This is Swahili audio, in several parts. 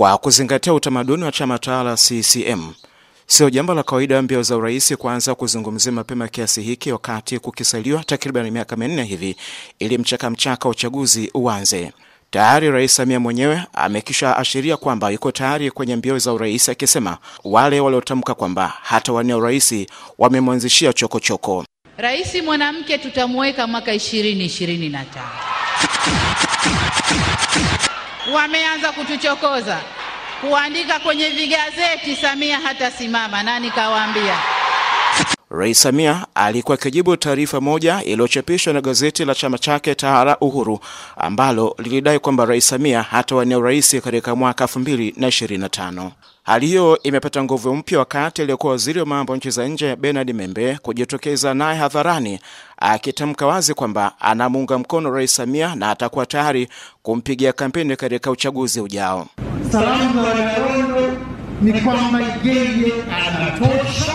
Kwa kuzingatia utamaduni wa chama tawala CCM, sio jambo la kawaida mbio za urais kuanza kuzungumzia mapema kiasi hiki, wakati kukisaliwa takriban miaka minne hivi ili mchakamchaka wa uchaguzi uanze. Tayari Rais Samia mwenyewe amekisha ashiria kwamba yuko tayari kwenye mbio za urais, akisema wale waliotamka kwamba hata hatawania urais wamemwanzishia chokochoko. Rais mwanamke tutamuweka mwaka tano wameanza kutuchokoza kuandika kwenye vigazeti, Samia hata simama Nani kawaambia? Rais Samia alikuwa akijibu taarifa moja iliyochapishwa na gazeti la chama chake tawala Uhuru ambalo lilidai kwamba Rais Samia hatawania urais katika mwaka 2025. Hali hiyo imepata nguvu mpya wakati aliyekuwa waziri wa mambo nchi za nje Bernard Membe kujitokeza naye hadharani akitamka wazi kwamba anamuunga mkono Rais Samia na atakuwa tayari kumpigia kampeni katika uchaguzi ujao. Salamu kwa wanawake ni kwamba yeye anatosha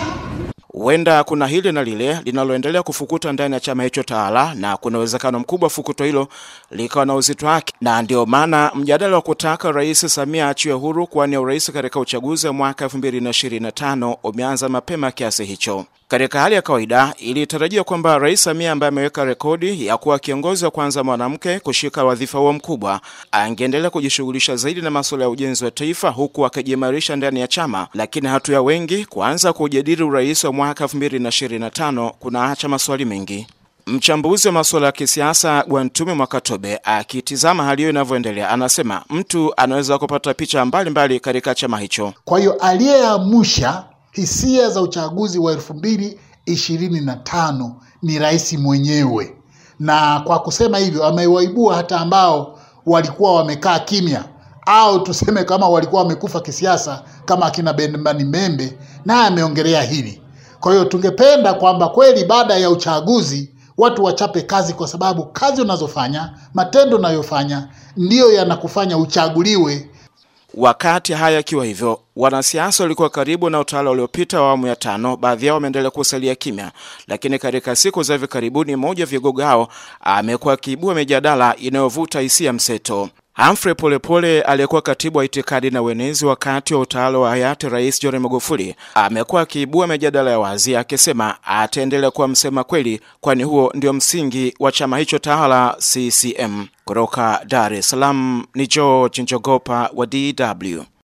Huenda kuna hili na lile linaloendelea kufukuta ndani ya chama hicho tawala, na kuna uwezekano mkubwa fukuto hilo likawa na uzito wake, na ndio maana mjadala wa kutaka Rais Samia achiwe huru kuwania urais katika uchaguzi wa mwaka 2025 umeanza mapema kiasi hicho. Katika hali ya kawaida ilitarajiwa kwamba Rais Samia ambaye ameweka rekodi ya kuwa kiongozi wa kwanza mwanamke kushika wadhifa huo mkubwa angeendelea kujishughulisha zaidi na masuala ya ujenzi wa taifa huku akijiimarisha ndani ya chama, lakini hatua ya wengi kuanza kujadili urais wa mwaka 2025 kunaacha maswali mengi. Mchambuzi wa masuala ya kisiasa Gwantume Mwakatobe akitizama hali hiyo inavyoendelea, anasema mtu anaweza kupata picha mbalimbali katika chama hicho. Kwa hiyo aliyeamusha Hisia za uchaguzi wa elfu mbili ishirini na tano ni rais mwenyewe, na kwa kusema hivyo amewaibua hata ambao walikuwa wamekaa kimya au tuseme kama walikuwa wamekufa kisiasa kama akina Benjamin Membe, naye ameongelea hili. Kwa hiyo tungependa kwamba kweli baada ya uchaguzi watu wachape kazi, kwa sababu kazi unazofanya, matendo unayofanya ndiyo yanakufanya uchaguliwe Wakati haya akiwa hivyo, wanasiasa walikuwa karibu na utawala uliopita wa awamu ya tano, baadhi yao wameendelea kusalia kimya, lakini katika siku za hivi karibuni, mmoja vigogo hao amekuwa akiibua mijadala inayovuta hisia mseto. Humphrey Polepole aliyekuwa katibu wa itikadi na uenezi wakati wa utawala wa hayati Rais John Magufuli amekuwa akiibua mijadala ya wazi akisema ataendelea kuwa msema kweli, kwani huo ndio msingi wa chama hicho tawala CCM. Kutoka Dar es Salaam ni George Njogopa wa DW.